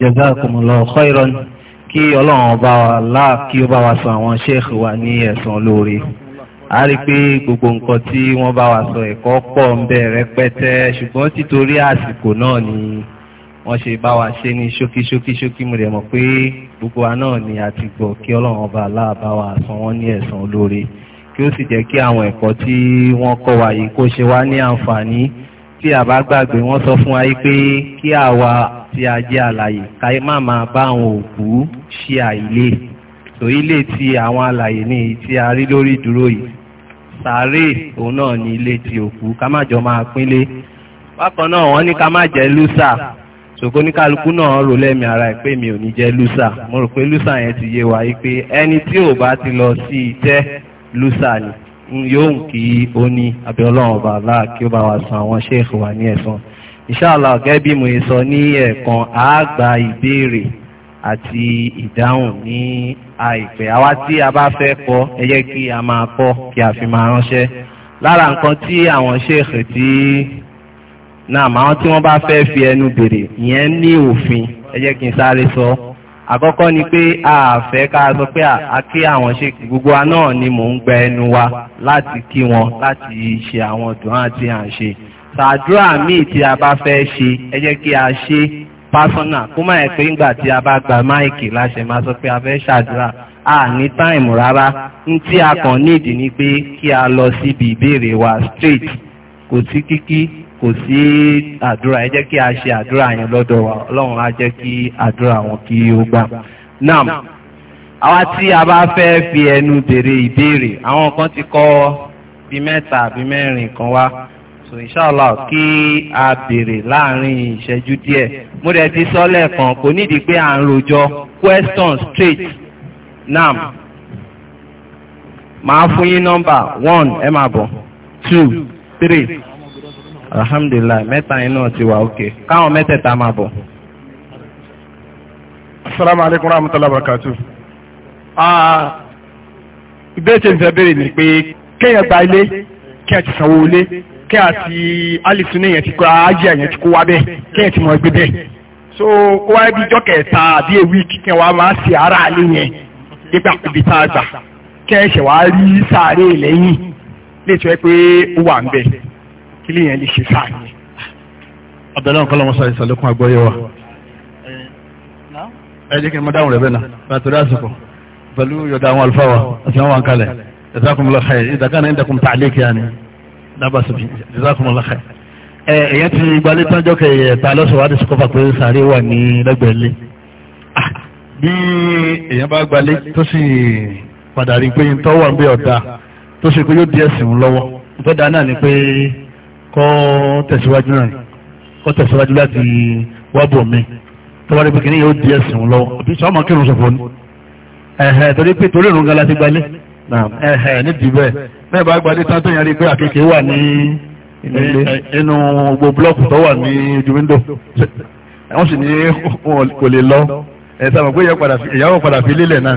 jazakumullahu khairan kí ọlọ́run ọba wa láà kí ó bá wa sọ àwọn sheikh wa ní ẹ̀san olóore a rí pé gbogbo nǹkan tí wọ́n bá wa sọ ẹ̀kọ́ pọ̀ ń bẹ rẹpẹtẹ ṣùgbọ́n títorí àsìkò ni wọ́n ṣe bá wa ṣe ní ṣókí ṣókí ṣókí mo dẹ̀ mọ̀ pé gbogbo wa náà ni a ti gbọ́ kí ọlọ́run ọba láà bá wa sọ wọ́n ní ẹ̀san olóore kí ó sì jẹ́ kí àwọn ẹ̀kọ́ tí wọ́n kọ́ wa yìí kó ṣe wá ní àǹfààní tí a bá gbàgbé wọ́n sọ fún wa yìí pé kí àwa tí a jẹ́ àlàyé káyé má máa bá àwọn òkú ṣe àìlè tó ilé ti àwọn àlàyé ní tí a rí lórí ìdúró yìí sàárè òun náà ní ilé ti òkú ká má jọ máa pínlé bákan náà wọ́n ní ká má jẹ́ lúsà ṣòkó ní kálukú náà rò lẹ́mi ara ẹ̀ pé mi ò ní jẹ́ lúsà mo rò pé lúsà yẹn ti yé wa yìí pé ẹni tí ò bá ti lọ sí ìtẹ́ lúsà ni yóò ń kí ó ní abẹ́ọ́lọ́run ọba aláà kí ó bá wa san àwọn ṣéèkì wa ní ẹ̀san ìṣáàlà ọ̀gẹ́ bí mo sọ ní ẹ̀ẹ̀kan àágbà ìbéèrè àti ìdáhùn ní àìpẹ́ àwa tí a bá fẹ́ kọ́ ẹ jẹ́ kí a máa kọ́ kí a fi máa ránṣẹ́ lára nǹkan tí àwọn ṣéèkì tí náà àwọn tí wọ́n bá fẹ́ fi ẹnu béèrè ìyẹn ní òfin ẹ jẹ́ kí n sáré sọ. So àkọ́kọ́ ni pé àfẹ́ ká sọ pé àkí àwọn ṣe gbogbo wa náà ni mò ń gbẹ ẹnu wa láti kí wọn láti ṣe àwọn dùn àti à ń ṣe ṣàdúrà míì tí a bá fẹ́ ṣe ẹ jẹ́ kí a ṣe pásọ́nà kó má ẹ̀ pé ńgbà tí a bá gba máìkì láṣẹ máa sọ pé a fẹ́ ṣàdúrà a ní táìmù rárá ń tí a kàn nídìí ni pé kí a lọ síbi ìbéèrè wa straight kò sí kíkí kò sí àdúrà ẹ jẹ́ kí a ṣe àdúrà yẹn lọ́dọ̀ wa ọlọ́run á jẹ́ kí àdúrà wọn kí ó gbà. nam àwa tí a bá fẹ́ fi ẹnu béèrè ìbéèrè àwọn kan ti kọ bí mẹ́ta àbí mẹ́rin kan wá so inshallah kí a béèrè láàrin ìṣẹ́jú díẹ̀ mo rẹ̀ ti sọ lẹ́ẹ̀kan kò nídìí pé à ń rojọ́ question straight nam màá fún yín nọ́mbà one ẹ máa bọ̀ two three alhamdulillah mẹ́ta iná ti wà òkè káwọn mẹ́tẹ̀ẹ̀ta máa bọ̀. asalaamu alaykum rahmatulah barakatu. Ah, ìbéèrè tí n fẹ́ béèrè ni pé kéèyàn gba ilé kéèyàn ti sanwó ilé kéèyàn ti alisu ní yẹn ti kó ajé yẹn ti kó wá bẹ́ẹ̀ kéèyàn ti mọ̀ ẹgbẹ́ bẹ́ẹ̀. so kó wáyé bí ijọ́ kẹta àbí ewì kíkẹ́ wa máa ṣe ara àlè yẹn nígbà ibi tá a gbà kéèyàn ṣẹ̀ wá rí sáré lẹ́yìn lè sọ pé ó wà ń bẹ̀ kí lè yẹn lè ṣe fáàní. abdullahi nǹkan lọ́mọ sáré sàlékún àgbọ́yé wa ẹ jẹ́ kí n mọ dáhùn rẹ̀ bẹ́ẹ̀ náà látòrí àsìkò pẹ̀lú yọ̀dá àwọn àlùfáà wa àti àwọn àǹkalẹ̀ jazakumullah khair ìdàgá náà ìdàkùn tààlẹ́kì yá ni dábàsí bí jazakumullah khair èyàn ti gbalé tánjọ́ kẹyẹ ta lọ́sọ̀ wá dìsí kọfà pé sàárè wà pé ń kọ́ tẹ̀síwájú náà kọ́ tẹ̀síwájú láti wábọ̀ mi tọ́wárí pé kìnìyàn ó di ẹ̀sìn lọ bí sọ́mọ kírun sọ̀fọ̀ ni ẹ̀hẹ̀ torí pé torí ìrùn gan láti gbalẹ̀ ẹ̀hẹ̀ nídìí bẹ́ẹ̀ bẹ́ẹ̀ bá gbalẹ̀ tán tó yẹn rí pé àkèké wà ní inú gbogbo búlọ́ọ̀kù tó wà ní ojú wíńdò wọ́n sì ní kò lè lọ ẹ̀ sábà pé ìyàwó padà fi lélẹ̀ náà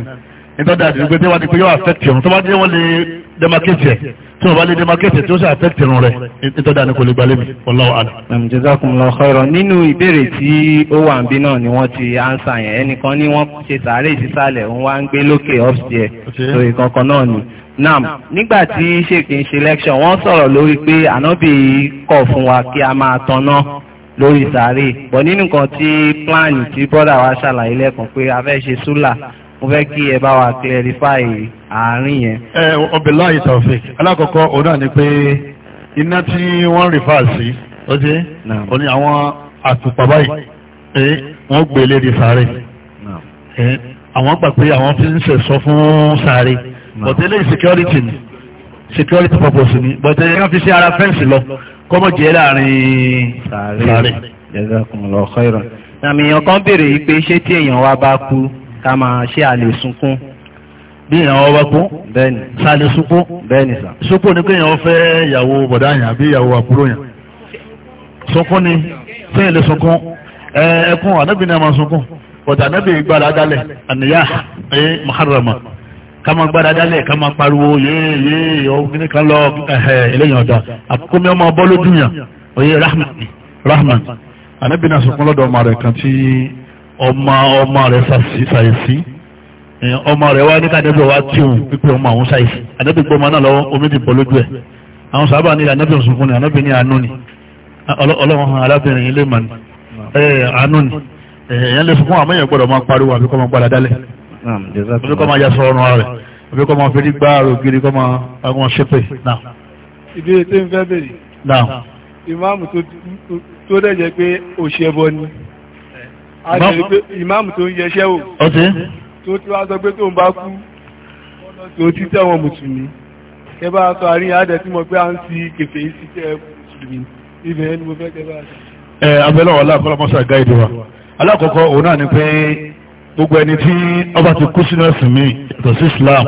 nítorí àti ìgbé tí wọ́n ti pé yóò affect irun tó bá dé wọ́n lè demarcate ẹ̀ tí wọ́n bá lè demarcate tí ó sì affect irun rẹ̀ nítorí àti kò lè gbalẹ̀ mi wallahu a'lam. jazakumullahu khairan nínú ìbéèrè tí ó wà ń bí náà ni wọ́n ti ansa yẹn ẹnìkan ni wọ́n ṣe sàárè sísàlẹ̀ òun wá ń gbé lókè upstairs so ìkankan náà ni nam nígbà tí ṣèkì ń ṣe election wọ́n sọ̀rọ̀ lórí wa kí a máa tanná lórí sàárè bọ̀ nínú kan tí pláàni tí bọ́dà wa ṣàlàyé lẹ́kàn pé a fẹ́ ṣe súlà mo fẹ́ kí ẹ bá wa clarify àárín yẹn. ẹ ọbẹ̀ láàyè tàfẹ́ alákọ̀ọ́kọ́ òun náà ni pé iná tí wọ́n rìfà sí ó jẹ́ ó ní àwọn àtùpà báyìí wọ́n gbé léde sáré àwọn gbà pé àwọn fi ń ṣẹ̀sọ́ fún sáré bọ̀tẹ́lẹ̀ security ni security purpose ni bọ̀tẹ́lẹ̀ wọ́n fi sí ara fẹ́ǹsì lọ kọ́mọ̀ jẹ́ láàrin sáré. jẹ́sàkùn lọ́ọ́ kọ́ ìrọ̀. àmì èèyàn kan yìí pé ṣé tí èèyàn wa bá kú ká máa ṣe àlè sunkún bí ìyàwó bá kú bẹ́ẹ̀ni sáàlè sunkún bẹ́ẹ̀ni sà. sunkún ni pé ìyàwó fẹ́ ìyàwó bọ̀dá yàn àbí ìyàwó àbúrò yàn sunkún ni sẹ́yìn lè sunkún ẹkún ànábì náà máa sunkún bọ̀dà ànábì gbára dálẹ̀ àníyá ẹ muharrama ká máa gbára dálẹ̀ ká máa pariwo yéé yéé ọ̀gbìn kan lọ ẹlẹ́yìn ọ̀dà àkókò mi ọmọ bọ́ lójú yàn òye rahman rahman ànábì náà sunkún lọ́dọ̀ ọmọ rẹ̀ kan tí ọmọ ọmọ rẹ̀ ṣàìsí ọmọ rẹ̀ wá ní kàdébẹ̀ wá tíun pípẹ́ ọmọ àwọn ṣàìsí àdébẹ̀ gbọmọ náà lọ́wọ́ omi ti bọ̀ lójú ẹ̀ àwọn sábà ní ànábì òṣùnkún ni ànábì ní àánú ni ọlọ́run arábìnrin ilé mọ̀ ní àánú ni èèyàn lè fún àmọ́ èèyàn gbọ́dọ̀ máa pariwo àbíkọ́ máa gbára dálẹ̀ àbíkọ́ máa yasọ ọrùn rẹ̀ àbíkọ́ máa fi gbá ògiri kọ́ máa agbọn ṣépè náà. ìbéèrè tó ń fẹ́ bèrè. náà ìmáàmù tó dẹ̀ jẹ́ pé òṣèbọ ni a lè rí pé ìmáàmù tó ń yẹṣẹ́ o tó tí wàá sọ pé tóun bá kú tó ti tẹ̀wọ̀n mùsùlùmí kẹ bá sọ àárín àádẹ́ tí mo gbé à ń fi kẹfẹ́ yìí sí tẹ mùsùlùmí ibẹ̀ ẹni mo fẹ́ kẹ bá ṣe. ẹ abẹ́lẹ́ wàhálà kọ́lọ́mọ́sá gáìdì wa alákọ̀ọ́kọ́ òun náà ni pé gbogbo ẹni tí ọba ti kú sínú ẹ̀sìn mi yàtọ̀ sí Islam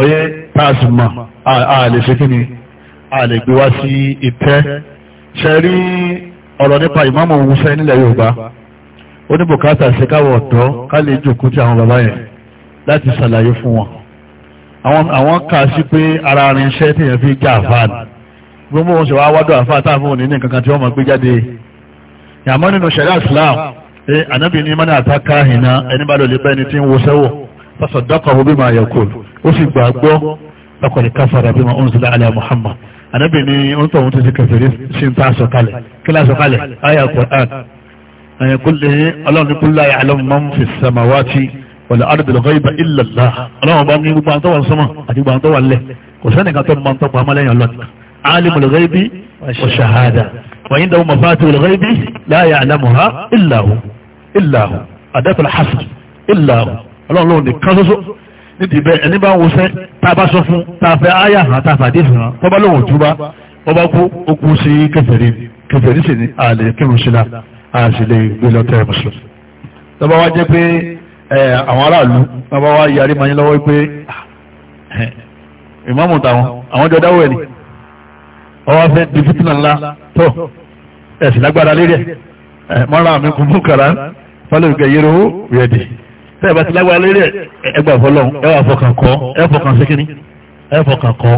ọyẹ táàsì a lè ṣe kí ni a lè gbé wá sí ìtẹ́ ṣe rí ọ̀rọ̀ nípa ìmáàmù òun fẹ́ nílẹ̀ Yorùbá oníbùkátà sí káwọ̀ ọ̀dọ́ ká lè jókòó tí àwọn bàbá yẹn láti ṣàlàyé fún wọn àwọn kà sí pé ara irinṣẹ́ tí èèyàn fi já àfáà ni gbogbo wọn sì wá wádọ̀ àfáà táàfún òní ní kankan tí wọ́n máa gbé jáde yàmọ́ nínú ṣẹ̀ríà Islam ẹ ànábì ní mọ́nà àtàkà hìnà ẹni bá lò lè bẹ́ni tí ń wo sẹ́wọ̀ fasaddaqahu bima yaqul ó sì gbàgbọ́ laqad kafara bima unzila ala Muhammad ànábì ní oúntọ̀ òun ti ti kẹfẹ́rí sí ń ta sọ̀kalẹ̀ kí lásọ̀kalẹ̀ ayà Qur'an ẹ̀yẹ̀kúnlẹ̀ ọlọ́rùnkúnlá àlọ́mọ́ fi samawati wal ardil ghaiba illa Allah ọlọ́run bá ní gbogbo àtọ́wà sọ́mọ̀ àti gbogbo àtọ́wà lẹ̀ kò sẹ́nìkan tó mọ́ tọ́pọ̀ amálẹ́yìn ọlọ́run alimul ghaibi wa shahada wa indahu mafatihul ghaibi la ya'lamuha illa hu illa hu adatul hasr illa hu ọlọ́run lóun nìkan ṣoṣo nídìí bẹ́ẹ̀ ẹni bá ń wọṣẹ́ tá a bá sọ fún tá a fẹ́ àṣìlè gbélọ́tẹ̀ mùsùlùmí lọ́ba wá jẹ́ pé àwọn aráàlú lọ́ba wá yarí ma yín lọ́wọ́ pé ah, eh, ìmáàmù tàwọn àwọn jọ dáwọ́ ẹ̀ ni ọwọ́ fẹ́ di fìtínà ńlá tó ẹ̀sìn lágbára lérí ẹ̀ mọ́ra mi kún fún kàrá fọlọ́ ìgbà yẹ́rọ rẹ̀dì tẹ́ ẹ̀ bá ti lágbára lérí ẹ̀ ẹgbà fọlọ́n ẹ wà fọkàn kọ́ ẹ fọkàn sékìní ẹ fọkàn kọ́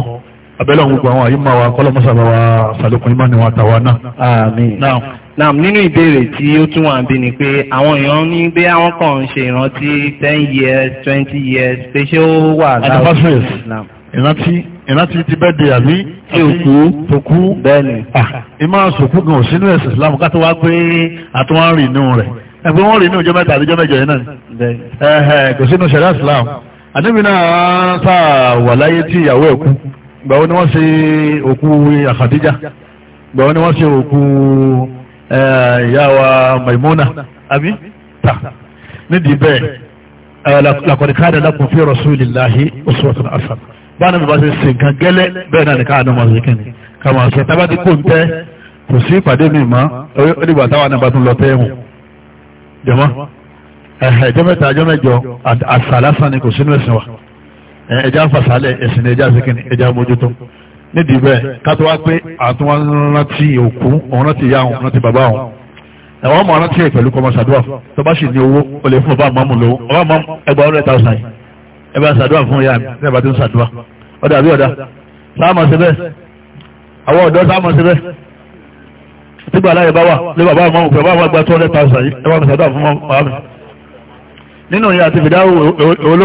abẹ́lẹ́ òun gbogbo àwọn àyíká wa kọ́lọ́mọ́sàbà wa sàlékún ìmọ̀ ni wọn àtàwọn náà. àmín. náà Now nínú ìbéèrè tí ó tún wà bí ni pé àwọn èèyàn ní pé àwọn kan ń ṣe ìrántí ten years twenty years pé ṣé ó wà láwùjọ Islam. ìrántí ìrántí ti bẹ́ẹ̀ di àbí tí ò kú tó kú bẹ́ẹ̀ni. Ah, ìmọ̀ sòkú gan sínú ẹ̀sìn Islam ká tó wá pé àtúwọ́n rìn inú rẹ̀ ẹgbẹ́ wọn rìn inú ọjọ́ mẹ́ta àbíjọ́ mẹ́jọ yẹn náà kò sínú ṣẹ̀dá Islam àníbi náà sáà wà láyé tí ìyàwó ẹ̀ kú gbàwó ni wọ́n ṣe òkú àkàdíjà gbàwó ni wọ́n ṣe òkú ìyá wa Maimuna àbí ta nídìí bẹ́ẹ̀ laqad kana lakum fi rasulillahi uswatun hasanah báwọn ẹ̀mí bá ṣe ṣe nǹkan gẹ́lẹ́ bẹ́ẹ̀ náà ni. ká àdánwò àṣẹ kìnnì kàmá ṣe tábà tí kò ń tẹ́ kò sí ìpàdé mi mọ́ ó dìgbà táwọn náà bá tún lọ tẹ́ ẹ̀wọ̀n jọmọ́ ẹjọ́ mẹ́ta ẹjọ́ a àṣà lásán ni kò sínú ẹ̀sìn wa ẹjọ́ àfàṣálẹ̀ ẹ̀sìn ẹjọ́ àṣẹ kìnnì ẹjọ́ àmójútó nídìí bẹ́ẹ̀ kátó wá pé àtúnwá rántí òkú òun rántí ìyá òun rántí bàbá òun ẹ̀wọ̀n mọ̀ rántí ẹ̀ pẹ̀lú kọmọ ṣàdúrà tó bá sì ní owó o lè fún ọba àmọ́mù lówó ọba àmọ́mù ẹgbà ọ̀rẹ́ ta ọ̀sán yìí ẹgbà ṣàdúrà fún ìyá mi bẹ́ẹ̀ bá ti ń ṣàdúrà ọ̀dà àbí ọ̀dà sáàmọ̀ sí bẹ́ẹ̀ àwọn ọ̀dọ́ sáàmọ̀ sí bẹ́ẹ̀ tí gbà láyé bá wà lé bàbá àmọ́mù pẹ̀lú àwọn àgbà tó ọ̀rẹ́ ta ọ̀sán yìí ẹgbà ṣàdúrà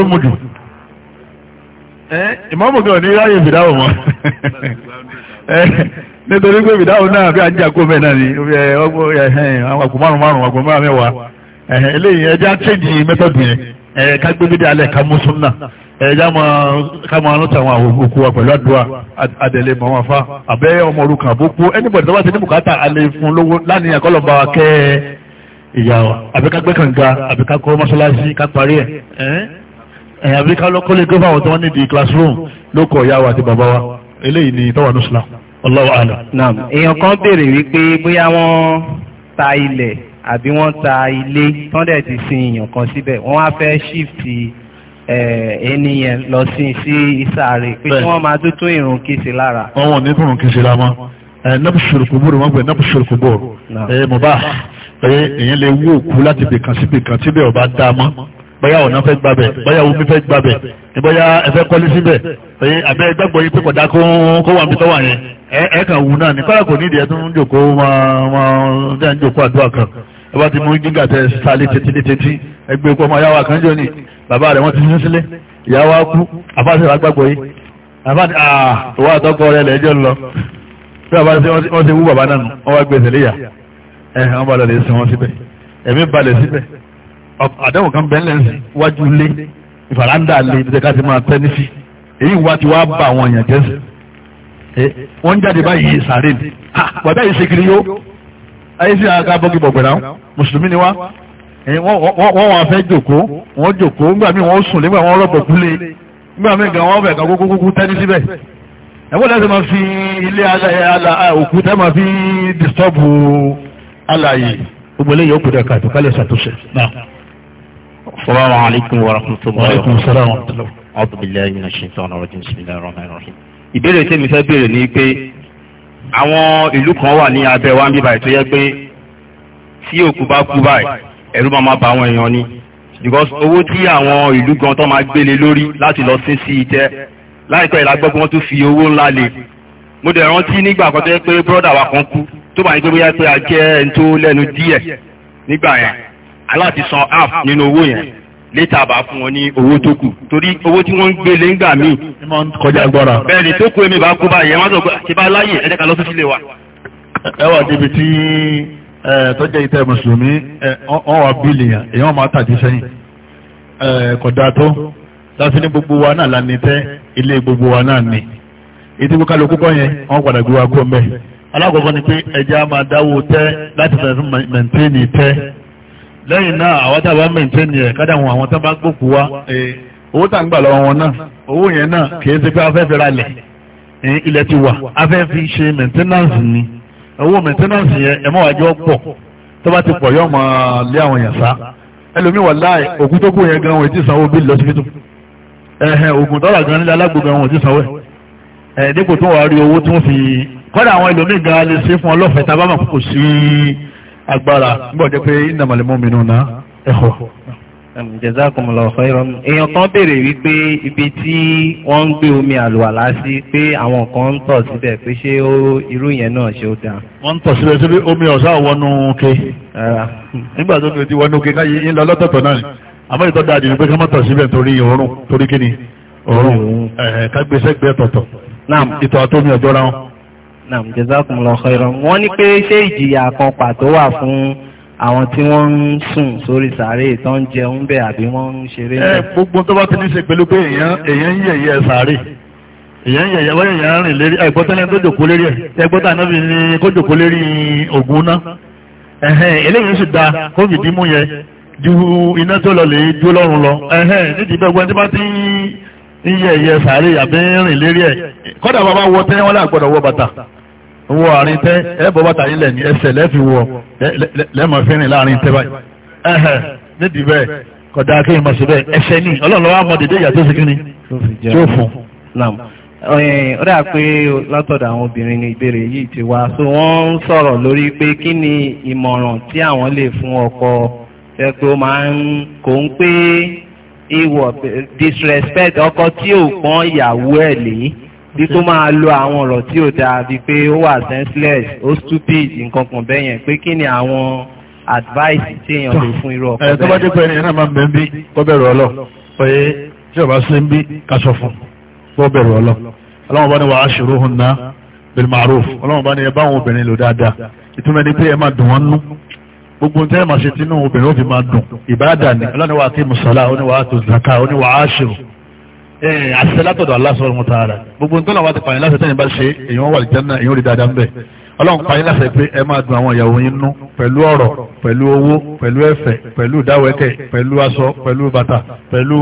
fún mọ́ ìmọ̀mù kan ní ráyè fìdáwò mọ́ nítorí pé fìdáwò náà bí ajíjàkó mẹ́ náà ni àwọn àpò márùn márùn àpò márùn mẹ́wàá eléyìí ẹja chéjì mẹ́tọ̀dù yẹn ká gbé bídí alẹ́ ká mú súnà ẹja ká máa rántí àwọn òkú wa pẹ̀lú àdúrà àdẹ̀lẹ̀ mọ́ wọn fa àbẹ́ ọmọ orúkọ àbókú ẹnìbọ̀dì tọ́wọ́ ti ní bùkátà alẹ́ fún lówó lánìyàn kọ́ lọ́ba wa kẹ́ ìyá wa àbí ká gbé kànga àbí ká kọ́ mọ́ṣáláṣí ká parí ẹ̀ ẹ̀yìn àbíká lọ́kọ́ lè gọ́fà àwọn tó wọ́n nídìí classroom lókọ̀ ìyá wa àti bàbá wa eléyìí ni tọ́wà ní islam Allahu a'lam. naam èèyàn kan béèrè wípé bóyá wọ́n ta ilẹ̀ àbí wọ́n ta ilé tán dẹ̀ ti sin èèyàn kan síbẹ̀ wọ́n wá fẹ́ shift ẹni yẹn lọ sí sí ìsàrè pé kí wọ́n máa tuntun ìrun kìsì lára. wọ́n wọ̀n ní ìrun kìsì lára nabshul kubur wọ́n pè nabshul kubur mubah èèyàn lè wú òkú láti bìkan síbìkan tíbẹ̀ ọba dá mọ́ bóyá ọ̀nà fẹ́ gbàbẹ̀ bóyá omi fẹ́ gbàbẹ̀ bóyá ẹfẹ́ kọ́lé síbẹ̀ àbẹ́ gbàgbọ́ yìí pípọ̀ dá kó wà níbi tọ́wà yẹn ẹ kàn wù náà ní kọ́lá kò nídìí ẹtún jòkó máa ń jòkó àdúrà kan ẹ bá ti mú gíga tẹ sálé tètè tètè ẹgbẹ́ ikú e ọmọ yàwó àkànjọ ni bàbá rẹ̀ wọ́n ti sín sílé ìyàwó akú àfáàṣẹ àgbàgbọ́ yìí àfáàṣẹ àwọn àtọ́kọ rẹ̀ lẹ́jọ́ lọ bí bàbá rẹ̀ wọ́n ti wú bàbá náà wọ́n wá gbèsè léyà ẹ̀ wọ́n bá lọ lè sin wọn síbẹ̀ ẹ̀mí balẹ̀ síbẹ̀ àdáwò kan bẹ́ẹ̀ lẹ́sìn wájú lé ìfàràǹdà lé ibi tẹ́ka ti máa tẹ́ nífi èyí wá ti wá bá àwọn èèyàn jẹ́ sí wọ́n jáde báyìí sàárè ní wàdá yìí ṣe kiri yó ayé sí àga bọ́gì bọ̀gbẹ̀rà mùsùlùmí ni wá wọ́n wà fẹ́ jòkó wọ́n jòkó nígbà míì wọ́n sùn nígbà wọ́n rọ̀bọ̀ kúlé nígbà míì gan wọ́n fẹ̀ kà kókókókó tẹ́ni síbẹ̀ ẹ̀wọ́n lẹ́sẹ̀ máa fi ilé òkú tẹ́ máa fi dìstọ́bù alàyè gbogbo eléyìí ó kú dẹ̀ kàtó kálẹ̀ ṣàtúnṣe náà. السلام عليكم ورحمة الله وبركاته أعوذ بالله من الشيطان الرجيم بسم الله الرحمن الرحيم ìbéèrè tí mi fẹ́ béèrè ni pé àwọn ìlú kan wà ní abẹ́ wa ń bí báyìí tó yẹ pé tí òkú bá kú báyìí ẹ̀rú máa máa bà àwọn èèyàn ni because owó tí àwọn ìlú gan tó máa gbélé lórí láti lọ sí sí ìtẹ́ láìpẹ́ ìlàgbọ́gbọ́n wọn tún fi owó ńlá lè mo dẹ̀ rántí nígbà kan tó yẹ pé brọ́dà wa kan kú tó bá yẹ pé bóyá pé a jẹ́ ẹni tó lẹ́nu díẹ̀ nígbà yẹn aláti san half nínú owó yẹn létà bá fún wọn ní owó tó kù torí owó tí wọ́n ń gbé lé ńgbà míì. kọjá gbọ́ra. bẹ́ẹ̀ ni tó kú èmi bá kú báyìí wọ́n sọ pé àti bá láyè ẹ̀jẹ̀ ká lọ sí sílé wa. ẹ wà débi tí tọ́jà ìtẹ́ mùsùlùmí wọ́n wà bíìlì yàn èèyàn máa tàdí sẹ́yìn kọ̀dà tó láti ní gbogbo wa náà lánìí tẹ́ ilé gbogbo wa náà ni ètò ìgbókàlùkù kọ́ yẹn wọ́n padà gbé wa kú ọmọ ni pé lẹ́yìn náà àwọn tá a bá maintain yẹ kádà wọn àwọn tá a bá gbókù wa owó tá a ń gbà lọ́wọ́ wọn náà owó yẹn náà kìí ṣe pé afẹ́fẹ́ ra lẹ̀ ilẹ̀ ti wà afẹ́fẹ́ ṣe maintenance ni owó maintenance yẹn ẹ̀ mọ́ wájú pọ̀ tó bá ti pọ̀ yọ ọmọ lé àwọn yẹn sá ẹlòmíì wà láì òkú tó kù yẹn gan wọn ti sanwó bíi lọ́sibítù ẹ̀hẹ̀ ògùn tọ́lá gan nílẹ̀ alágbègbè wọn ti sanwó ẹ̀ dípò tó wàá rí agbára gbọ́dọ̀ pé ìnàmàlẹ̀ mú mi nù náà ẹ̀họ́. Jazakumullahu khairan. èèyàn kan béèrè wípé ibi tí wọ́n ń gbé omi àlùwàlá sí pé àwọn kan ń tọ̀ síbẹ̀ pé ṣé irú yẹn náà ṣe ó dáa. wọ́n ń tọ̀ síbẹ̀ síbi omi ọ̀sá wọnú ke. nígbà tó ti wọnú ke káyé ńlọ lọ́tọ̀ọ̀tọ̀ náà àmọ́ ìtọ́jú àdìrí pé ká má tọ̀ síbẹ̀ torí òórùn torí kíni òórùn kágbésẹ́gbẹ́ tọ̀tọ̀. ìtọ̀ àtọ́mi ọ̀jọ́ra wọn. Naam, jazakumullahu khairan. Wọ́n ní pé ṣé ìjìyà kan pàtó wà fún àwọn tí wọ́n ń sùn sórí sàárè tó ń jẹun bẹ́ẹ̀ àbí wọ́n ń ṣeré. Eh, Ẹ gbogbo tó bá ti ní ṣe pẹ̀lú pé èèyàn ń yẹ̀yẹ́ sàárè. Èèyàn ń yẹ̀yẹ́ wọ́n èèyàn ń rìn lérí ẹ̀gbọ́tẹ́lẹ́ tó jòkó lérí ẹ̀. Ẹgbọ́tà náà fi ní kó jòkó lérí ògùn náà. Ẹ̀hẹ́n eléyìí sì da kó fìdí yẹ ju iná tó lọ lè dúró lọ́rùn lọ. nídìí bẹ́ẹ̀ gbọ́n tí bá ti ń iye ẹ̀yẹ sàárè àbí rìn lérí ẹ̀ kọ́dà bàbá wọ tẹ́ wọn láàgbọ́dọ̀ wọ bàtà wọ àárín tẹ́ ẹ bọ́ bàtà yín lẹ́ni ẹsẹ̀ lẹ́fi wọ lẹ́mọ̀ fi rìn láàrin tẹ́ báyìí ẹ̀hẹ̀ nídìí bẹ́ẹ̀ kọ́dà kí n mọ̀ sí bẹ́ẹ̀ ẹsẹ̀ ni ọlọ́run lọ́wọ́ àmọ́ dédé ìyà tó sì kí ni tí ó fún lam ó dà pé látọ̀dọ̀ àwọn obìnrin ni ìbéèrè yìí ti wá so wọ́n ń sọ̀rọ̀ lórí pé kí ni ìmọ̀ràn tí àwọn lè fún ọkọ fẹ́ pé ó máa ń kò ń pé ìwọ disrespect ọkọ tí ò pọ́n ìyàwó ẹ̀ lé bí tó máa lo àwọn ọ̀rọ̀ tí ò dáa bíi pé ó wà senseless ó stupid nǹkan kan bẹ́ẹ̀ yẹn pé kí ni àwọn advice tí èèyàn lè fún irú ọkọ bẹ́ẹ̀. ẹ̀ tó bá pé ẹni náà máa ń bẹ bí kó bẹ̀rù pé tí ò bá ń bí ká fún kó bẹ̀rù ọlọ́ bá ní wàá ṣòro hùn ná bil ma'ruf ọlọ́run bá ní ẹ bá àwọn obìnrin lò dáadáa ìtumọ̀ ni pé ẹ máa dùn wọ́n nú gbogbo tẹ́ ma ṣe tínú obìnrin ó fi máa dùn ìbáàdà ni ọlọ́niwà àti mùsàlá oníwà tó zaka oníwà áṣírò ẹ̀ẹ́n àṣẹ látọ̀dọ̀ Allah subhanahu wa ta'ala gbogbo tọ́lá wa ti pààyàn láṣẹ tẹ́yìn bá ṣe èèyàn wà lìjánná èèyàn rí dáadáa ń bẹ̀ ọlọ́run pààyàn láṣẹ pé ẹ máa dùn àwọn ìyàwó yín nú pẹ̀lú ọ̀rọ̀ pẹ̀lú owó pẹ̀lú ẹ̀fẹ̀ pẹ̀lú ìdáwẹ́kẹ̀ pẹ̀lú aṣọ pẹ̀lú bàtà pẹ̀lú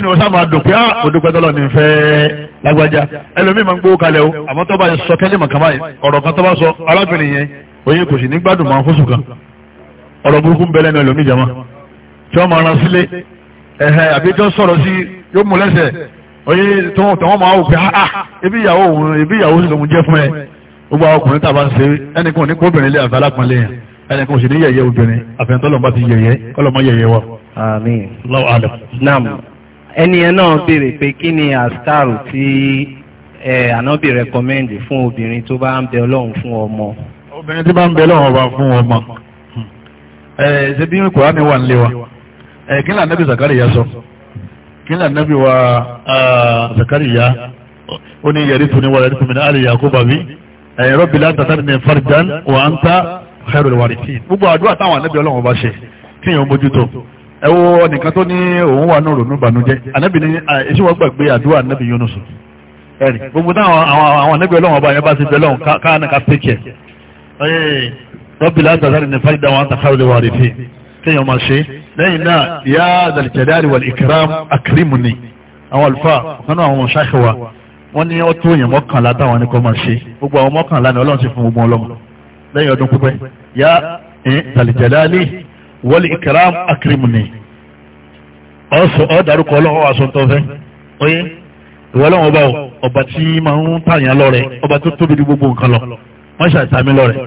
ni wọ́n sáà máa dùn pé ah odúpẹ́ tọ́lọ́ ní fẹ́ lágbájá ẹlòmíì máa ń gbówó o àmọ́ tó bá sọ kẹ́lẹ́mọ̀ kan báyìí ọ̀rọ̀ kan tó sọ arábìnrin yẹn oyè kò sì ní gbádùn máa fóṣù kan ọ̀rọ̀ burúkú ń bẹ lẹ́nu ẹlòmíì jama tí wọ́n máa ran sílé ẹ̀hẹ́ àbí tó sọ̀rọ̀ sí yóò mú lẹ́sẹ̀ oyè tí wọ́n máa wò pé ha ah, ah, ebi ìyàwó òun ebi ìyàwó sì lòun jẹ́ fún ẹ gbogbo àwọn ọkùnrin tàbá ń ṣe ẹnìkan ní kóbìnrin lé àbálá kan léyìn ẹnìkan ò sì ní yẹ̀yẹ́ obìnrin àfẹ́ntọ́lọ́ bá ti yẹ̀yẹ́ kọ́lọ́mọ yẹ̀yẹ́ wa. àmín lọ́wọ́ àlọ́. naam ẹni ẹ náà béèrè pé kí ni àṣkárù tí ànábì rẹkọmẹ́ndì fún obìnrin tó bá ń bẹ ọlọ́run fún ọmọ obìnrin tí bá ń bẹ lọ́wọ́ ọba fún ọmọ ẹ̀ ṣe bí kùránì wà nílé wa ẹ̀ kí ni ànábì Zakariya sọ kí ni ànábì wa Zakariya ó ní yẹrí tuni wà lẹ́rìí tuni alẹ́ Yakuba bí ẹ̀ Rabbi la tadharni fardan wa anta khairul warithin gbogbo àdúrà táwọn ànábì ọlọ́wọ́ bá ṣe kí èèyàn mójútó ẹ wo nìkan tó ní òun wà ní òrònú ìbànújẹ́ ànábì ní ìṣíwọ́ gbàgbé àdúrà ànábì Yunus ẹ̀rì gbogbo táwọn àwọn ànábì ọlọ́wọ́ bá yẹn bá ti bẹ lọ́wọ́ káà náà ká pé kẹ̀ rọ́bì látàzárì ní fárídà wọn àtàkà òlè wàrí fi kéèyàn máa ṣe lẹ́yìn náà yá àdàlìkẹ̀dáàrí wal ikram akrimuni àwọn àlùfáà ọ̀kanú àwọn ọmọṣáṣẹ́wà wọ́n ní ó tó èèyàn mọ́kànlá táwọn nìkan máa ṣe gbogbo àwọn mọ́kànlá ni ọlọ́run ti fún gbogbo ọlọ́mọ lẹ́yìn ọdún pípẹ́ yá àdàlìkẹ̀dáàrí wal ikram akrimuni ọ̀dàrúkọ ọlọ́run aṣọ tó fẹ́ oyé ìwọ́lọ́run ọba ọba tí máa ń tààyàn lọ́rẹ̀ ọba tó tóbi ju gbogbo nǹkan lọ wọ́n ṣe àtàmílọ́rẹ̀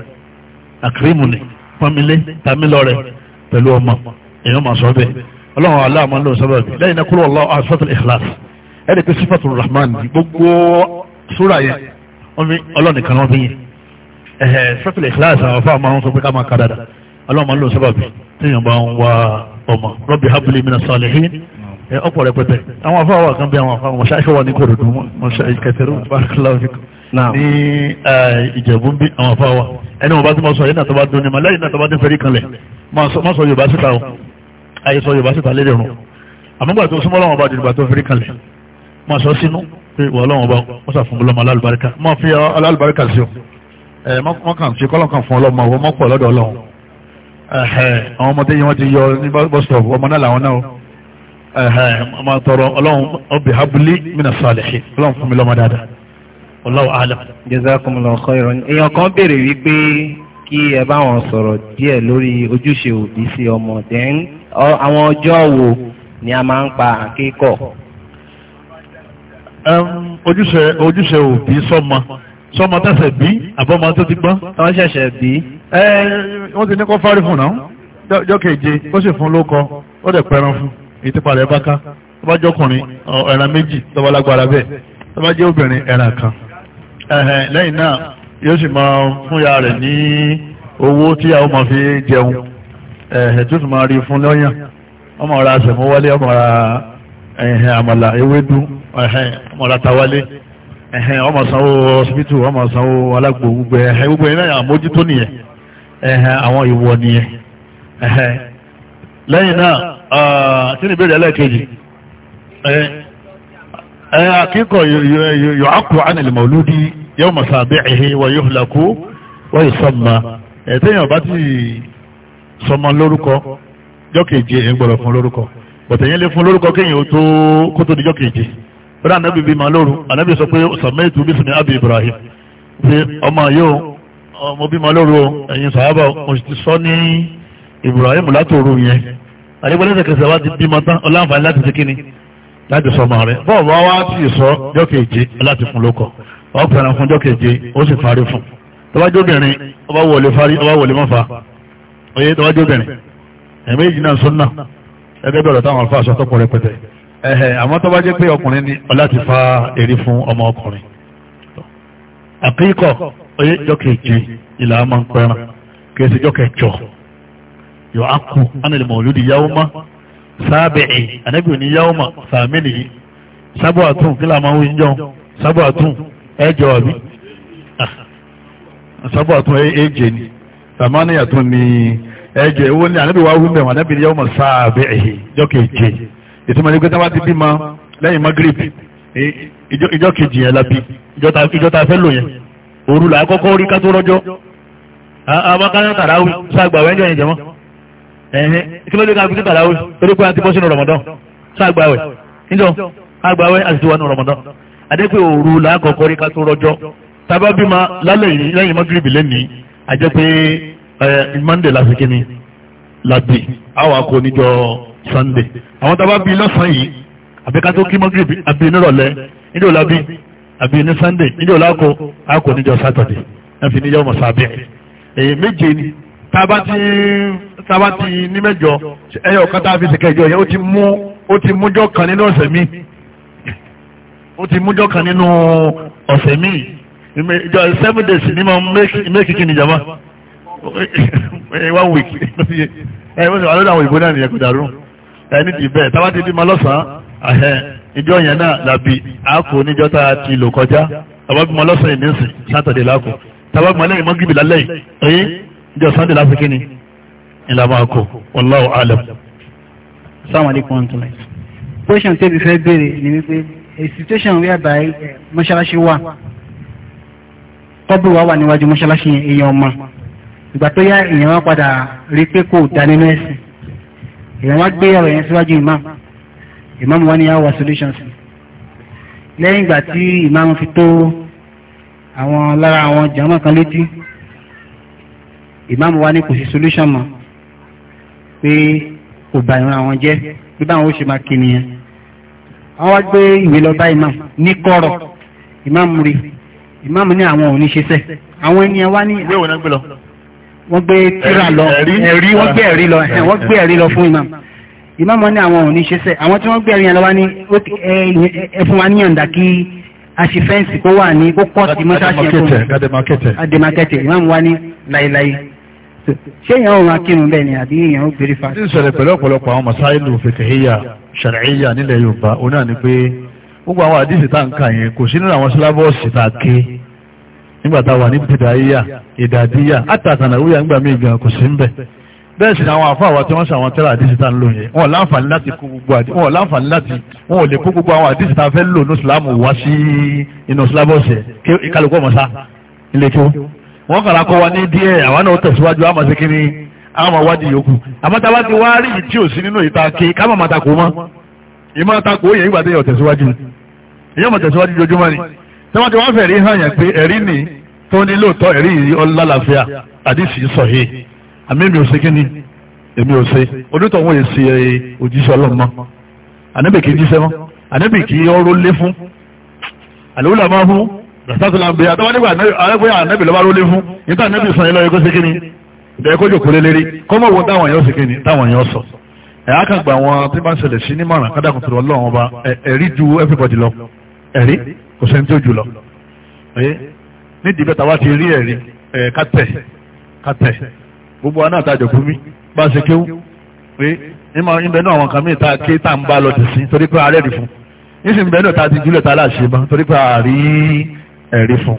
àkírímù ni pọ́nmilé tàmílọ́rẹ̀ pẹ̀lú ọmọ èèyàn máa sọ bẹ́ẹ̀ ọlọ́run aláà máa ń lò sábà bí lẹ́yìn náà kúrò Allah àṣọ́tò ikhlas ẹ̀rì pé sífàtò rahman gbogbo súra yẹn ọlọ́run nìkan wọ́n fi yẹn ẹ̀hẹ̀ sọ́tò ikhlas àwọn afọ àmọ́ àwọn sọ pé ká máa ka dada ọlọ́run máa ń lò sábà bí téèyàn bá ń ní ìjẹ̀bú bí àwọn afá wa ẹni wọn bá ti mọ sọ yìí náà tó bá dún ní ma lẹ́yìn náà tó bá ti fẹ́rí kanlẹ̀ má sọ yorùbá síta o ayé sọ yorùbá síta lédè rùn àmúgbà tó súnmọ́ lọ́wọ́ bá di ìgbà tó fẹ́rí kanlẹ̀ má sọ sínú pé wọ́n lọ́wọ́ bá wọ́n sà fún mi lọ́mọ alálùbáríkà má fi alálùbáríkà sí o ẹ mọ́ kàn sí kọ́lọ́ kan fún ọlọ́mọ àwọn mọ́pọ̀ lọ́dọ̀ ọlọ́run àwọn ọmọdé yìí wọ́n ti yọ ní bọ́sítọ̀pù ọmọ náà làwọn ọlọ́run ọbẹ̀ mina salihin ọlọ́run fún mi Allahu a'lam. Jazakumullahu khairan. èèyàn kan béèrè wípé kí ẹ bá wọn sọ̀rọ̀ díẹ̀ lórí ojúṣe òbí sí ọmọ dẹ́n àwọn ọjọ́ wo ni a máa ń pa àkíkọ̀. ojúṣe ojúṣe òbí sọmọ sọmọ tẹsẹ̀ bí àbọ̀mọ tó ti gbọ́n. wọ́n ṣẹ̀ṣẹ̀ bí. ẹ wọ́n ti ní kó fárí fún náà jọ́ keje ó sì fún lóko ó dẹ̀ pẹran fún ìtìpalẹ̀ báká tó bá jọkùnrin ẹran méjì tó bá bẹ́ẹ̀ tó obìnrin ẹran kan. ẹ̀hẹ̀ lẹ́yìn náà yóò sì máa fún ya rẹ̀ ní owó tí a ó máa fi jẹun ẹ̀hẹ̀ tó sì máa rí fún lọ́yàn ọmọ ra sẹ̀mọ́wálé ọmọ ra ẹ̀hẹ̀ àmàlà ewédú ẹ̀hẹ̀ ọmọ ra tawálé ẹ̀hẹ̀ ọmọ sanwó ọsibítù ọmọ sanwó alágbò gbogbo ẹ̀hẹ̀ akíkọ̀ yóò ákù ánìlì mọ̀lúdí yóò mọ̀ sàbẹ̀ẹ̀hẹ́ wọ yóò lakú wọ́n ìsọ́mà ẹ̀tẹ́yàn bá ti sọmọ lórúkọ jọ́kèje ẹ̀ ń gbọ́dọ̀ fún lórúkọ bọ̀tẹ̀yìn lé fún lórúkọ kéèyàn ó tó kó di jọ́kèje bẹ́ẹ̀ anábì bí ma lóru anábì sọ pé sàmẹ́ẹ̀tù bí sinmi abi Ibrahim pé ọmọ yóò ọmọ bí ma lóru ẹ̀yin sàábà mo ti sọ ní Ibrahim látòru yẹn àdébọ̀lẹ́sẹ̀kẹsẹ̀ wá ti bímọ tán ọláǹfààní láti ṣe kíni láti sọmọ rẹ bọ́ọ̀ bá wá sí ìsọ jọ́kèje láti fún lókọ̀ ọ fẹ́ràn fún jọ́kèje ó sì fárí fún tọ́bájóbìnrin ọba wọlé fárí ọba wọlé mọ́fà oye tọ́bájóbìnrin ẹ̀mí ìjì náà súnà ẹgbẹ́ bẹ̀rẹ̀ táwọn alfa aṣọ tọ́pọ̀ rẹpẹtẹ ẹ̀hẹ̀ àmọ́ tọ́bá jẹ́ pé ọkùnrin ni láti fa èrè fún ọmọ ọkùnrin àkíkọ̀ oye jọ́kèje ìlà àmọ́ ń pẹ́ràn kèsì jọ́kẹ̀jọ yọ ákù ánìlẹ̀mọ̀ olùdíyàwó má sábẹ̀ẹ́ ànábì òní yáwọ́mà sàmì nìyí sábọ̀ àtún kí làwọn ohun jẹun sábọ̀ àtún ẹjọ́ àbí ah, sábọ̀ àtún ẹjẹ ni sàmánì àtún ni ẹjẹ owó ní ànábì wà wúbẹ̀ wọn ànábì yáwọ́mà sábẹ̀ẹ́ jọ́kẹ̀ẹ́jẹ ìtumọ̀ ní pé tí wọ́n ti bímọ lẹ́yìn magrib ìjọ kejì yẹn la bí ìjọ ta fẹ́ lò yẹn òru là á kọ́kọ́ rí ká tó rọ́jọ́ àwọn akáyọ̀ tàràwí ságbà wẹ́jọ́ yẹn jẹ́ mọ́ ẹ̀hìn kí ló dé ká gbígbé tàlàwé torí pé a ti bọ́ sínú rọmọdán sáàgbàwẹ̀ níjọ àgbàwẹ̀ àti tiwa nù rọmọdán adépé òru làákọ̀ọ́kọ́ rí ká tó rọjọ́ tàbá bímọ lálẹ́ yìí lẹ́yìn mọ́gírìbì lẹ́nìí àjẹ́ pé monday la fi kí ni láti àwọn akọ oníjọ sunday àwọn tàbá bí lọ́sàn yìí àbí ká tó kí mọ́gírìbì àbí nírọ̀lẹ́ níjọ làbí àbí ní sunday níjọ làákọ akọ oníjọ saturday ẹ fi níjọ mọ̀ sábẹ́ èyí méje ni tába ti ní mẹ́jọ ẹyọ kan tá a fi ṣe kẹjọ yẹn ó ti mú ó ti mújọ kan nínú ọ̀sẹ̀ mi ó ti mújọ kan nínú ọ̀sẹ̀ mi ìjọ seven days ni mo make kí ni jama eh, one week ẹ wọ́n sọ alọ́dọ̀ àwọn ìbò náà nìyẹn kò dàrú ẹni eh, tí bẹ́ẹ̀ tába ti bí ma lọ́sàn-án eh, ìjọ yẹn náà làbí àákò níjọ́ tá a ti lò kọjá tàbá ma lọ́sàn-án ìnísìn sátọ̀dẹ̀ làákò tàbá ma lẹ́yìn mọ́gìbì lálẹ́ ìjọ sunday láti kíni ìlànà àkọ́ wallahu alam. sáwàdí kan tó question tẹ́bi fẹ́ béèrè ni wípé a situation whereby mọ́ṣáláṣí wà tọ́bù wa wà níwájú mọ́ṣáláṣí èèyàn ọmọ ìgbà tó yá èèyàn wá padà rí pé kò dá nínú ẹ̀sìn èèyàn wá gbé ọ̀rọ̀ yẹn síwájú imam imam wá ní our solutions lẹ́yìn ìgbà tí imam fi tó àwọn lára àwọn jàmọ́ kan létí ìmáàmù wa ní kò sí solution mọ́ pé kò bá ìran àwọn jẹ́ bí báwọn ó ṣe máa kí nìyẹn wọ́n wá gbé ìwé lọ bá ìmáàmù ní kọ̀rọ̀ ìmáàmù rí ìmáàmù ní àwọn òní ṣe sẹ́ àwọn ènìyàn wá ní ìwé òun gbé lọ wọ́n gbé tíra lọ ẹ̀rí wọ́n gbé ẹ̀rí lọ wọ́n gbé ẹ̀rí lọ fún ìmáàmù ìmáàmù ní àwọn òní ṣe sẹ́ àwọn tí wọ́n gbé ẹ̀rí yẹn lọ wá ní ẹ fún wa níyànda kí aṣifẹ́ǹsì kó wà ní kó kọ́ ti mọ́ṣáṣí ẹ̀kọ́ ademakẹ́tẹ̀ ìmáàmù wá ní láíláí ṣé èèyàn ò máa kírun bẹ́ẹ̀ ni àbí èèyàn ó gbèrè fa. ní ìṣẹ̀lẹ̀ pẹ̀lú ọ̀pọ̀lọpọ̀ àwọn masáìlù fìkìhíyà ṣàríyà nílẹ̀ yorùbá òun náà ni pé gbogbo àwọn àdìsí tá à ń kà yẹn kò sí nínú àwọn sílábọ̀ọ̀sì tá a ké nígbà tá a wà ní bìdáyà ìdàdíyà àtàtànàwíyà nígbà míì gan kò sí ń bẹ̀ bẹ́ẹ̀ sì ni àwọn àfáà wa tí wọ́n ṣàwọn tẹ́lá àdìsí tá ń lò yẹn wọn láǹfààní láti kó gbogbo àdìsí wọn láǹfààní láti wọn ò lè kó gbogbo àwọn àdìsí tá a fẹ́ lò ní ìsìlámù wá sí inú sílábọ̀ọ̀sì kí kálukú ọmọ sá ilé kí ó wọ́n kàrà kọ́ wa ní díẹ̀ àwọn náà tẹ̀síwájú àmọ́ sí kíní àmọ́ wádìí yòókù àmọ́ tá a bá ti wá rí ìtí ò sí nínú ìta ké ká má máa takò mọ́ ìmọ̀ takò ó yẹ ìgbà tẹ̀yọ̀ tẹ̀síwájú ìyẹn mọ̀ tẹ̀síwájú jojúmọ́ ni tí wọ́n ti wá fẹ̀rí hàn yàn pé ẹ̀rí ni tó ní lóòótọ́ ẹ̀rí yìí ọlọ́láfíà àdìsí sọ̀hí àmì mi ò sí kíní èmi ò ṣe onítọ̀ wọn yìí ṣe òjíṣẹ́ ọlọ́mọ ànábì kì í jíṣẹ́ mọ́ ànábì kì í ọrọ̀ lé fún àlòwúlà máa fún rasatula ń bẹ àtọ́wọ́n nígbà arẹ́gbẹ́ ànẹ́bì lọ́wọ́ rólé fún níta ànẹ́bì sàn ilé ọyọ́ kó ṣe kíni bẹ́ẹ̀ kó jòkó lélẹ́rí kó mọ̀ wo táwọn yóò ṣe kíni táwọn yóò sọ. ẹ̀ á kàn wọn tí bá ń ṣẹlẹ̀ sí nímọ̀ràn kádàkùn tòrò ọlọ́run ọba ẹ̀rí ju everybody lọ ẹ̀rí kò sẹ́ni tó jù lọ. nídìí bẹ́ẹ̀ tàwa ti rí ẹ̀rí kátẹ̀ kátẹ̀ gbogbo aná àtàjọ fún mi bá ṣe kéwú pé níbẹ̀ náà àwọn kan mí ta ké tá à ń bá lọ ẹ̀rí fún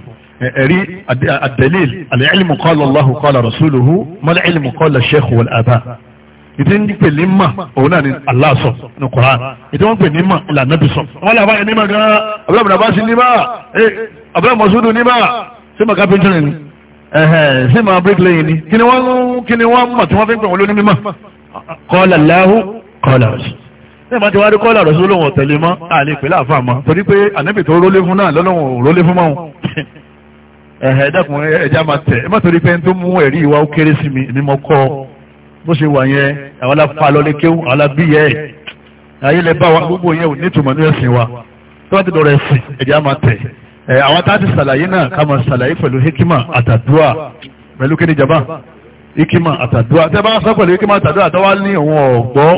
ẹ̀rí àdẹ́lẹ́l al-ilmu qala Allahu qala rasuluhu mal-ilmu qala sheikh wal-aba ìdí ń pè ní mà òun náà ni Allah sọ ní Qur'an ìdí wọ́n pè ní mà ìlànà bí sọ. wọ́n lè àbáyé ní mà gan-an abúlé àbúlé àbáṣe ní mà abúlé mọ̀súdù ní mà sí mà kápẹ́ntìrì ni sí mà bíríkìlẹ́yìn ni kí ni wọ́n mọ̀ tí wọ́n fi ń pè wọ́n lónìí mímọ̀ qala Allahu qala rasul ní ìbá ti wá rí kọ́lá rẹ̀ sí olóhùn ọ̀tẹ̀lẹ̀ mọ́ àlè pẹ̀lú àfa mọ́ torí pé ànábì tó rólé fún náà lọ́lọ́hùn rólé fún mọ́hùn ẹ̀hẹ̀ ẹ̀dàkùn ẹja máa tẹ̀ ẹ má torí pé ń tó mú ẹ̀rí ìwà ó kéré sí mi ní mo kọ́ bó ṣe wà yẹn àwọn aláfa lọlé kéwù àwọn alábíyẹ ẹ̀ ayé lẹ bá wa gbogbo yẹn ò nítumọ̀ ní ẹ̀sìn wa tó bá ti dọ̀rọ̀ ẹ̀sìn ẹja máa tẹ̀ ẹ̀ àwọn tá a náà ká máa ṣàlàyé pẹ̀lú hikima àtàdúrà pẹ̀lú kéde jaba hikima àtàdúrà tẹ́ bá sọ pẹ̀lú hikima àtàdúrà tó wá ní òun ọ̀gbọ́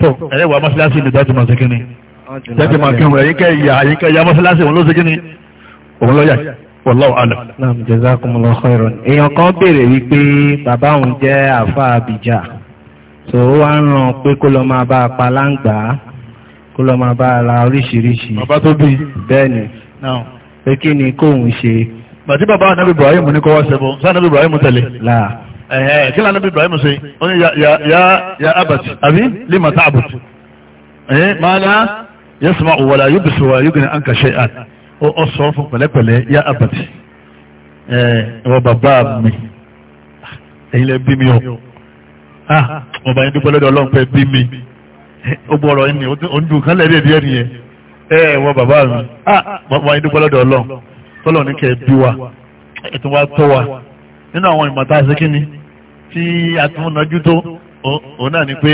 tó ẹ̀rẹ́ wà mọ́síláṣí ìlú dájú máa ṣe kí ni dájú máa kí wọn ẹ̀yìnkẹ́ ìyá ẹ̀yìnkẹ́ ìyá mọ́síláṣí òun ló ṣe kí ni òun lọ́yà wallahu alam. naam jazakumullahu khairan èèyàn kan béèrè wípé bàbá òun jẹ́ àfa àbíjà tó wá ń ràn pé kó lọ máa bá a pa láǹgbà kó lọ máa bá a ra oríṣiríṣi. bàbá tó bí. bẹ́ẹ̀ni pé kí ni kóun ṣe. bàtí bàbá anábì Ibrahim ní kó wá ṣẹbọ sáà anábì Ibrahim tẹ̀lé. láà ẹ̀hẹ́ kí lánàá bí Ibrahim ṣe ya abati àbí lima ẹ̀hẹ́ máa ná sọ fún pẹ̀lẹ́pẹ̀lẹ́ ya abati bàbá mi ẹ̀yin lẹ bí mi ah, yẹn dúpẹ́ lọ́dọ̀ ọlọ́run bí mi ó bọ̀ ọ̀rọ̀ ẹni kan bàbá mi ah, yẹn dúpẹ́ lọ́dọ̀ ọlọ́run tọ́lọ̀ ní kẹ́ẹ̀ bí wa tọ́ wa nínú àwọn ìmọ̀ta kí ni tí a tún nájú tó òun náà ni pé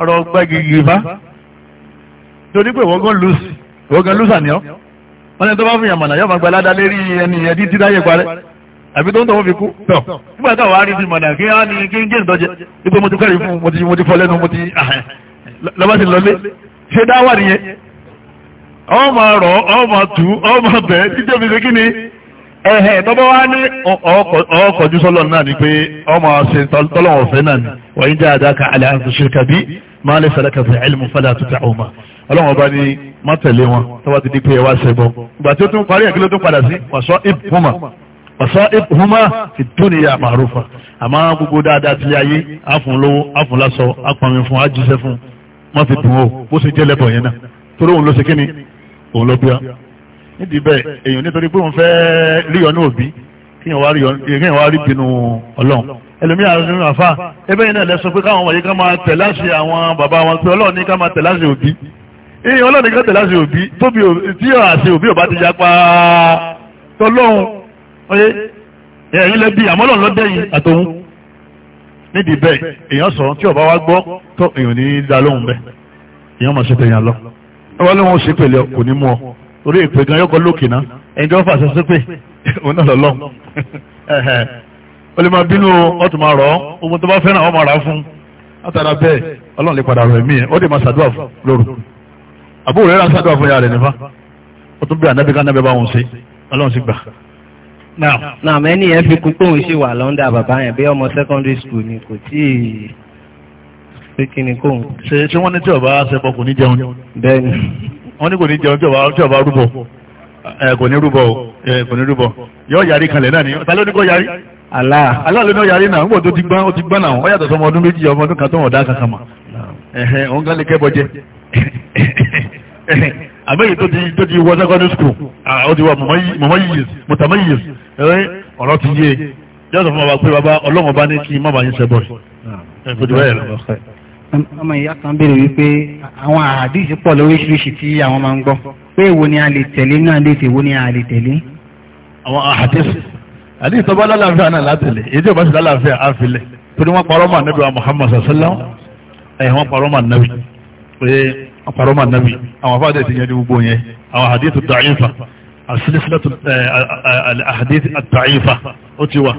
ọ̀rọ̀ gbẹ́gìgì bá torí pé wọ́n gan lùsì wọ́n gan lùsà ni ọ́ wọ́n ní tó bá fìyàn mọ̀nà yóò máa gba ládàá lérí ẹni yẹn títí láyé parẹ́ àbí tó ń tọ́wọ́ fi kú tọ̀ nígbà táwọn arí ti mọ̀nà kí á ní kí n gé ìdọ́jẹ́ ipò mo ti kẹ́rì fún mo ti mo ti fọ lẹ́nu mo ti ah, eh, lọ́ba ti lọlé ṣé dáwà nìyẹn ọ̀ máa rọ̀ ọ̀ máa tù ọ̀ máa bẹ̀ títí ẹ̀hẹ̀ tọ́bọ́ wá ní ọkọ̀jú sọ́lọ̀ náà ni pé ọmọ ṣe tọ́lọ̀wọ̀ fẹ́ náà ni wọ́n jẹ́ àdáka aláàtúnṣẹ́ka bí máa lè fẹ́lẹ́kà fẹ́ ilmù fẹ́lẹ́ àtúntà ọmọ ọlọ́wọ́n bá ní má tẹ̀lé wọn tọ́wọ́ ti di pé ẹwà ṣẹbọ ìgbà tí ó tún parí ẹ̀kí ló tún padà sí wàṣọ ìbùmọ̀ wàṣọ ìbùmọ̀ ìdúnìyà màrúfà àmọ́ gbogbo dáadáa ti ayé àfún lówó àfún lásọ àpọnmi fún àjíṣẹ́ fún wọ́n fi dùn ó bó ṣe jẹ́ lẹ́bọ̀ yẹn náà torí òun ló ṣe kíni òun ló bíọ́ nídìí bẹ́ẹ̀ èèyàn nítorí pé òun fẹ́ ríyọnú òbí kéèyàn wá rí bínú ọlọ́run ẹlòmíràn nínú àfa ẹbẹ́ yìí náà lẹ sọ pé káwọn wọ̀nyí ká máa tẹ̀ láṣẹ àwọn bàbá wọn pé ọlọ́run ní ká máa tẹ̀ láṣẹ òbí èyí ọlọ́run ní ká tẹ̀ láṣẹ òbí tóbi tí àṣẹ òbí ọba ti ya pa tọlọ́run ọyẹ ẹ̀yìn lẹ́bi àmọ́ ọlọ́run ló dẹ́yìn àtòun nídìí bẹ́ẹ̀ èèyàn sọ̀rọ̀ tí ọba wa gbọ́ tó èèyàn ní dá bẹ́ẹ̀ èèyàn máa ṣe tẹ̀yìn àlọ́ ọlọ́run ó ṣe pẹ̀lẹ́ kò mú ọ orí ìpè gan yọkọ lókè náà ẹni tó fà sọ sókè òun náà lọlọ ó lè máa bínú ọtún máa rọ ohun tó bá fẹ́ràn ọmọ rà fún látara bẹ́ẹ̀ ọlọ́run lè padà rẹ̀ mí ẹ̀ ó lè máa ṣàdúrà fún lóru àbúrò rẹ̀ rà ṣàdúrà fún ya rẹ̀ nífà ó tún bí ànábì ká nábẹ́ bá wọn ṣe ọlọ́run sì gbà. náà mẹ́ni yẹn fi kú pòun ṣì wà lọ́ndà bàbá yẹn bí ọmọ secondary school ni kò tí ì pé kí ni kóun. ṣe tí wọ́n ní tí ọba ṣe bọkùn ní jẹun. bẹ́ẹ̀ni wọ́n ní kò ní jẹun tí ọba tí ọba rúbọ kò ní rúbọ kò ní rúbọ yóò yarí kalẹ̀ náà ni ta ló ní kó yarí. Allah Allah ló ní ó yarí náà nígbà tó ti gbọ́n ó ti gbọ́n náà ó yàtọ̀ sọmọ ọdún méjì ọmọ ọdún kan tó wọ̀n dá kankan mà ẹ̀hẹ̀ òun kan lè kẹ́bọ jẹ àmẹ́yìn tó ti tó ti wọ secondary school ó ti wọ mọ̀mọ́ yìí mọ̀tàmọ́ yìí ọ̀rọ̀ ti yé yàtọ̀ fún baba pé baba ọlọ́mọba ní kí má bàa yín sẹ́bọ̀ rẹ̀ kò jù bẹ́ẹ̀ lọ ọmọ ìyá kan béèrè wípé àwọn àdìsí pọ̀ lóríṣiríṣi tí àwọn máa ń gbọ́ pé èwo ni a lè tẹ̀lé náà lè tèwo ni a lè tẹ̀lé. àwọn àdìsí àdìsí tó bá lálàáfíà náà látẹ̀lé èyí tí ò bá sì lálàáfíà á filẹ̀ torí wọ́n parọ́ mọ́ ànábì wa Muhammad sallam ẹ̀ wọ́n parọ́ mọ́ ànábì pé wọ́n parọ́ mọ́ ànábì àwọn afáàdé ti yẹn ní gbogbo yẹn àwọn àdìsí dàáyìnfà àṣìlẹ́sílẹ́tù àdìsí dàáyìnfà ó ti wà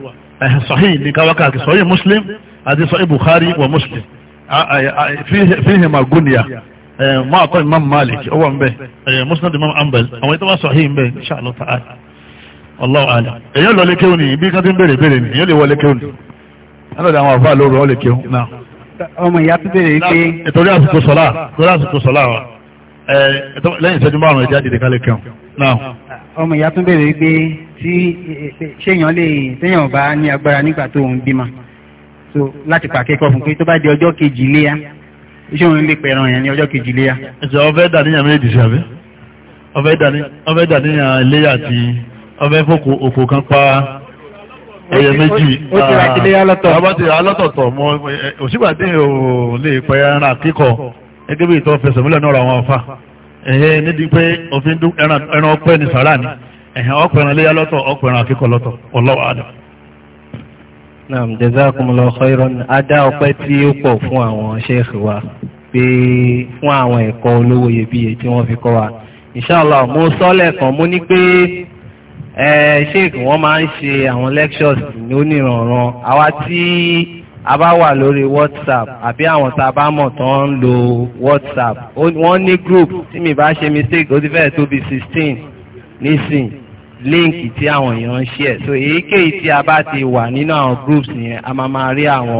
fíhìm agúnìyà máa imam malik ọwọ ń eh, musnad imam ambel àwọn ìtọ́wà sọ̀hí ń bẹ inshallah ta'ala Allahu a'lam èyàn lọ ni ibi kan ti ń bèrè bèrè ni èyàn lè wọ lékeu ni alọ́dà àwọn àfáà lóru ọ lékeu náà. ọmọ ìyá tó bèrè ìtòrí àsìkò sọlá ìtòrí àsìkò sọlá wa eh, lẹ́yìn ìṣẹ́jú márùn-ún ìjà dìde kálẹ̀ kẹun náà. ọmọ ìyá tó bèrè tí ṣéèyàn lè bá ní agbára nígbà tó ń bímọ so láti pàkẹ́kọ̀ọ́ fún pé tó bá di ọjọ́ kejì léyà iṣẹ́ òun lè pẹ̀ràn yẹn ní ọjọ́ kejì léyà. ẹ̀sẹ̀ ọ̀fẹ́ dàníyàn méjì sí àbí ọ̀fẹ́ dàníyàn léyà àti ọ̀fẹ́ fòkò òkò kan pa ẹyẹ méjì. ó ti ra ah, ti léyà lọ́tọ̀. ti mọ o lè pẹ́ ẹran àkíkọ̀ gẹ́gẹ́ bí ìtọ́ fẹsẹ̀ múlẹ̀ náà ra wọn fa ẹ̀hẹ́ pé òfin ẹran ni sàrà ni ẹ̀hẹ́ lọ́tọ̀ lọ́tọ̀ ọlọ́wọ́ naam jazakumullahu khairan adá ọpẹ́ tí ó pọ̀ fún àwọn sheikh wa pé fún àwọn ẹ̀kọ́ olówó iyebíye tí wọ́n fi kọ́ wa inshallah mo sọ lẹ́ẹ̀kan mo ní pé sheikh wọ́n máa ń ṣe àwọn lectures ní onírànran àwa tí a bá wà lórí whatsapp àbí àwọn tá a bá mọ̀ tó ń lo whatsapp wọ́n ní group tí mi bá ṣe mistake ó ti fẹ́ẹ̀ tó bí sixteen nísìnyí Link tí àwọn èèyàn ń ṣe ẹ̀ so èyíkéyìí tí a bá ti wà nínú àwọn groups yẹn a máa máa rí àwọn